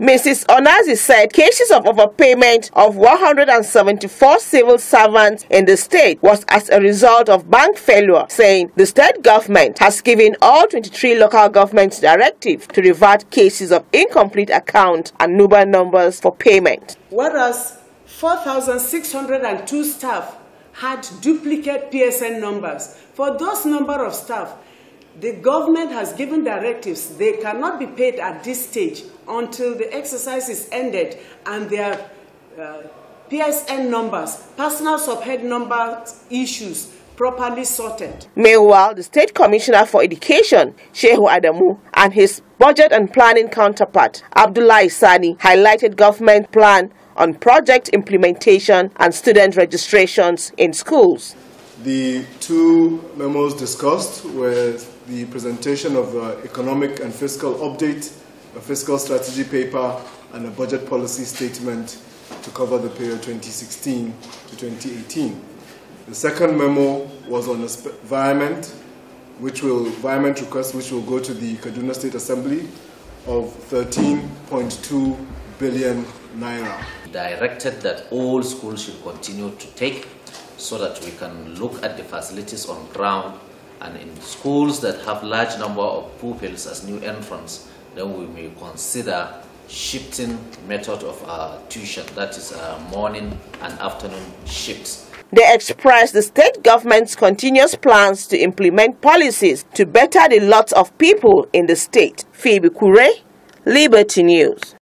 Mrs. Onazi said cases of overpayment of 174 civil servants in the state was as a result of bank failure, saying the state government has given all 23 local governments directive to revert cases of incomplete account and NUBA numbers for payment. Whereas 4,602 staff had duplicate PSN numbers, for those number of staff, the government has given directives. They cannot be paid at this stage until the exercise is ended and their uh, PSN numbers, personal subhead number issues properly sorted. Meanwhile, the State Commissioner for Education, Shehu Adamu, and his budget and planning counterpart, Abdullah Isani, highlighted government plan on project implementation and student registrations in schools. The two memos discussed were the presentation of the economic and fiscal update, a fiscal strategy paper, and a budget policy statement to cover the period 2016 to 2018. The second memo was on environment, which will environment request which will go to the Kaduna State Assembly of 13.2 billion naira. Directed that all schools should continue to take so that we can look at the facilities on ground and in schools that have large number of pupils as new entrants, then we may consider shifting method of our uh, tuition, that is our uh, morning and afternoon shifts. They expressed the state government's continuous plans to implement policies to better the lot of people in the state. Phoebe Kure, Liberty News.